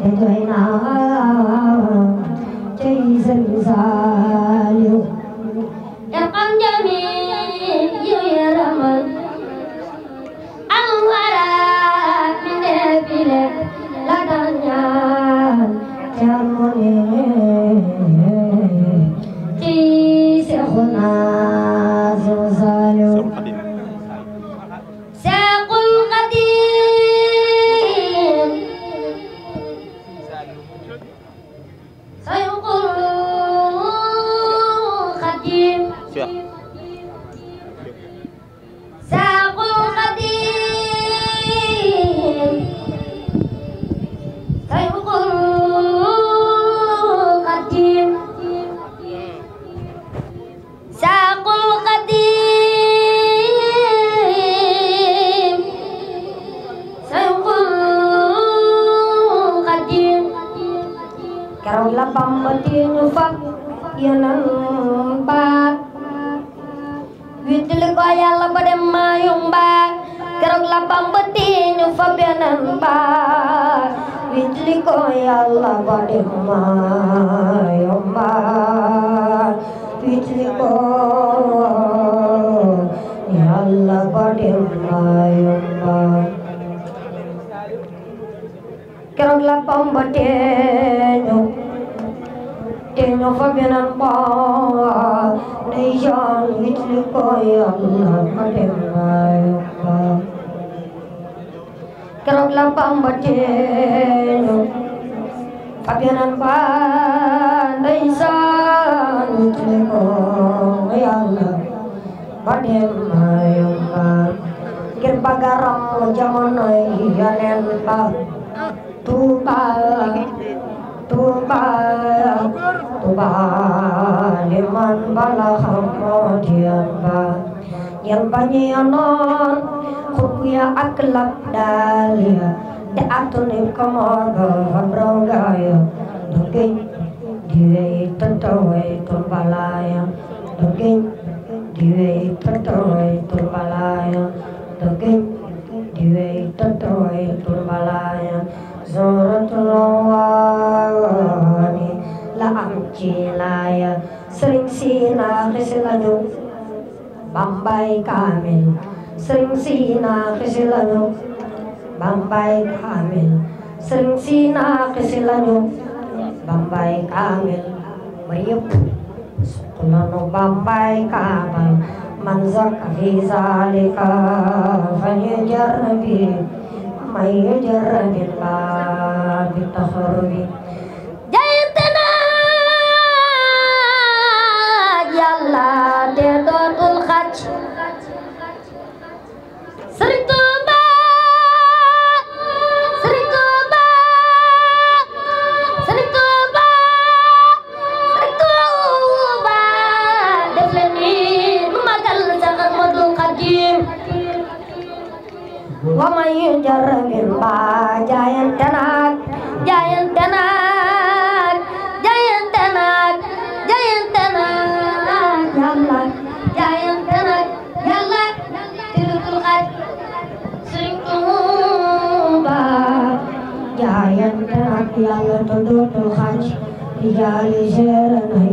tụi nó chơi dân già liều em con cho mình yêu yêu là mình anh qua là mình để bị lệ là đơn giản chăm môn em chỉ sẽ khôn nào Bamba tee ñu fag yeneen baat wéttali ko yàlla ba dem Mayumba keroog la Bamba tee ñu fag yeneen baat wéttali ko yàlla ba dem Mayumba wéttali keroog la Bamba tee ñu te ñoo fa beneen baa day jaan wit li ko yàlla ma dem naa yokka keroog la Bamba teeñu fa beneen baa day jaan li ko yàlla ma dem naa yokka ngir bagaram jamono yi yeneen ba Tuuba Tuuba Tuubaa liman balaxa moodiyan ba ñel bañi ya noon xukk ya ak lab daal ya te atuni ko mooga fam rongaaya dogeñ di wey tëntawey tumbalaaya dogeñ di wey tëntawey tumbalaaya dogeñ di wey tëntawey tumbalaaya zooratuloo waawa la am ci laaya sëriñ si na xisi lañu bambay kaamil sëriñ si na xisi lañu bambay kaamil sëriñ si na xisi lañu bambay kaamil ma yëpp suku lañu bambay kaamil man zakka fi zalika fan yujarrabi man yujarrabi yu jar mbir ba jaayante naag jaayante naag jaayante naag jaayante naag yàlla jaayante naag yàlla te dul xaj Sëriñ Tuuba jaayante naag yàlla te dul xaj rijaali jeeran ay